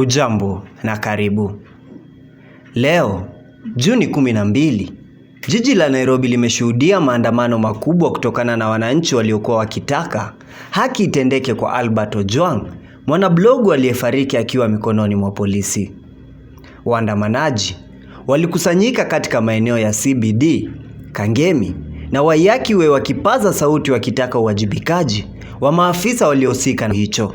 Hujambo na karibu. Leo Juni kumi na mbili, jiji la Nairobi limeshuhudia maandamano makubwa kutokana na wananchi waliokuwa wakitaka haki itendeke kwa Albert Ojwang, mwanablogu aliyefariki akiwa mikononi mwa polisi. Waandamanaji walikusanyika katika maeneo ya CBD, Kangemi na we wakipaza sauti wakitaka uwajibikaji wa maafisa waliohusika na hicho.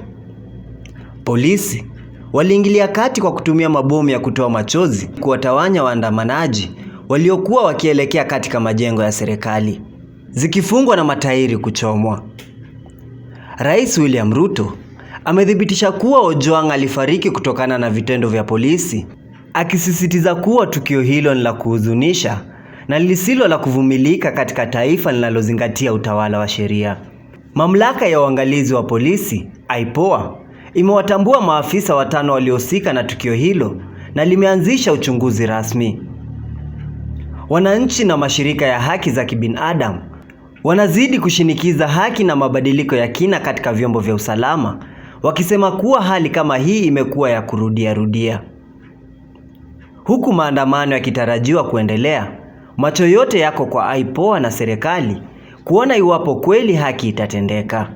Polisi Waliingilia kati kwa kutumia mabomu ya kutoa machozi kuwatawanya waandamanaji waliokuwa wakielekea katika majengo ya serikali, zikifungwa na matairi kuchomwa. Rais William Ruto amethibitisha kuwa Ojwang alifariki kutokana na vitendo vya polisi, akisisitiza kuwa tukio hilo ni la kuhuzunisha na lisilo la kuvumilika katika taifa linalozingatia utawala wa sheria. Mamlaka ya uangalizi wa polisi IPOA imewatambua maafisa watano waliohusika na tukio hilo na limeanzisha uchunguzi rasmi. Wananchi na mashirika ya haki za kibinadamu wanazidi kushinikiza haki na mabadiliko ya kina katika vyombo vya usalama, wakisema kuwa hali kama hii imekuwa ya kurudia rudia. Huku maandamano yakitarajiwa kuendelea, macho yote yako kwa IPOA na serikali kuona iwapo kweli haki itatendeka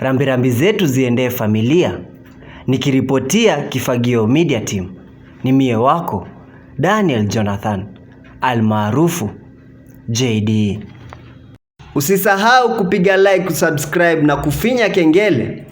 rambirambi zetu ziendee familia. Nikiripotia Kifagio Media Team, ni mie wako Daniel Jonathan almaarufu JD. E. Usisahau kupiga like, kusubscribe na kufinya kengele